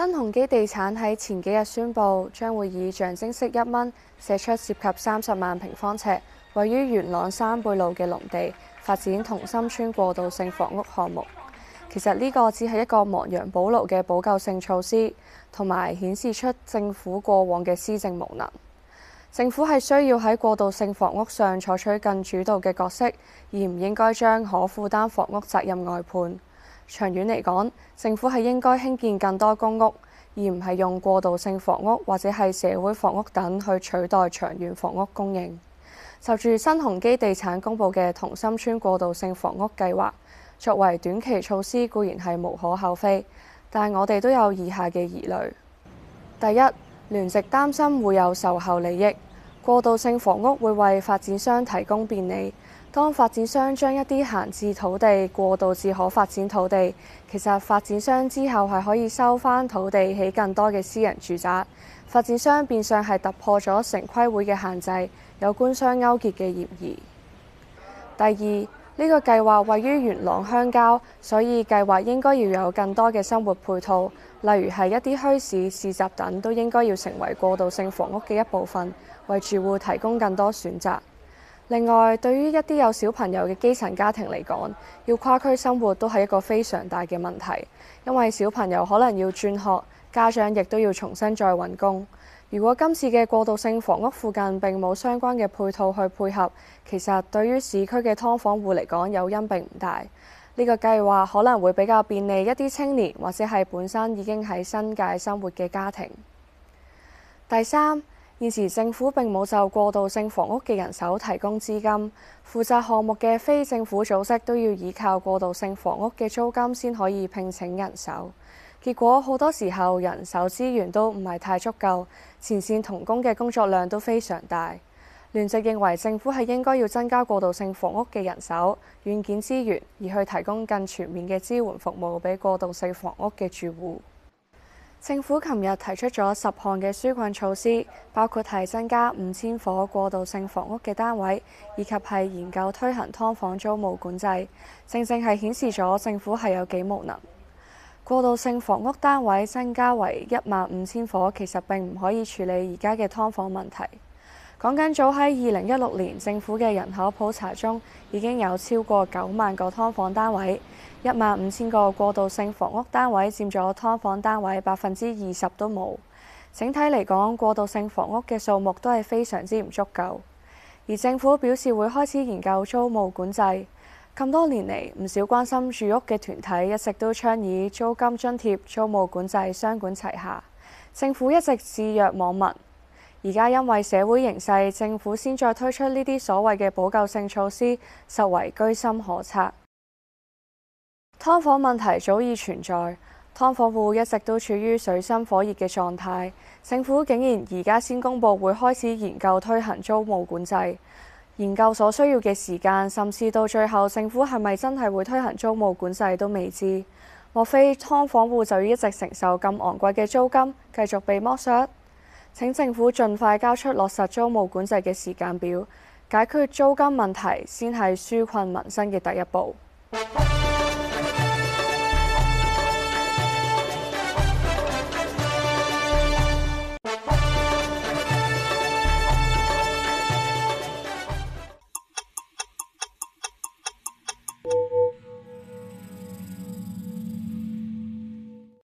新鴻基地產喺前幾日宣布，將會以象徵式一蚊釋出涉及三十萬平方尺、位於元朗山貝路嘅農地，發展同心村過渡性房屋項目。其實呢個只係一個亡羊補牢嘅補救性措施，同埋顯示出政府過往嘅施政無能。政府係需要喺過渡性房屋上採取更主導嘅角色，而唔應該將可負擔房屋責任外判。長遠嚟講，政府係應該興建更多公屋，而唔係用過渡性房屋或者係社會房屋等去取代長遠房屋供應。就住新鴻基地產公布嘅同心村過渡性房屋計劃，作為短期措施固然係無可厚非，但我哋都有以下嘅疑慮：第一，聯席擔心會有售後利益，過渡性房屋會為發展商提供便利。當發展商將一啲閒置土地過渡至可發展土地，其實發展商之後係可以收翻土地起更多嘅私人住宅。發展商變相係突破咗城規會嘅限制，有官商勾結嘅嫌疑。第二，呢個計劃位於元朗鄉郊，所以計劃應該要有更多嘅生活配套，例如係一啲墟市、市集等，都應該要成為過渡性房屋嘅一部分，為住戶提供更多選擇。另外，對於一啲有小朋友嘅基層家庭嚟講，要跨區生活都係一個非常大嘅問題，因為小朋友可能要轉學，家長亦都要重新再揾工。如果今次嘅過渡性房屋附近並冇相關嘅配套去配合，其實對於市區嘅劏房戶嚟講，誘因並唔大。呢、這個計劃可能會比較便利一啲青年或者係本身已經喺新界生活嘅家庭。第三。現時政府並冇就過渡性房屋嘅人手提供資金，負責項目嘅非政府組織都要依靠過渡性房屋嘅租金先可以聘請人手。結果好多時候人手資源都唔係太足夠，前線同工嘅工作量都非常大。聯席認為政府係應該要增加過渡性房屋嘅人手、軟件資源，而去提供更全面嘅支援服務俾過渡性房屋嘅住戶。政府琴日提出咗十項嘅紓困措施，包括係增加五千伙過渡性房屋嘅單位，以及係研究推行劏房租務管制。正正係顯示咗政府係有幾無能。過渡性房屋單位增加為一萬五千伙，其實並唔可以處理而家嘅劏房問題。講緊早喺二零一六年政府嘅人口普查中，已經有超過九萬個劏房單位。一萬五千個過渡性房屋單位佔咗劏房單位百分之二十都冇，整體嚟講過渡性房屋嘅數目都係非常之唔足夠。而政府表示會開始研究租務管制。咁多年嚟唔少關心住屋嘅團體一直都倡議租金津貼、租務管制雙管齊下。政府一直置若罔聞，而家因為社會形勢，政府先再推出呢啲所謂嘅補救性措施，實為居心可測。劏房問題早已存在，劏房戶一直都處於水深火熱嘅狀態。政府竟然而家先公布會開始研究推行租務管制，研究所需要嘅時間，甚至到最後政府係咪真係會推行租務管制都未知。莫非劏房戶就要一直承受咁昂貴嘅租金，繼續被剝削？請政府盡快交出落實租務管制嘅時間表，解決租金問題先係紓困民生嘅第一步。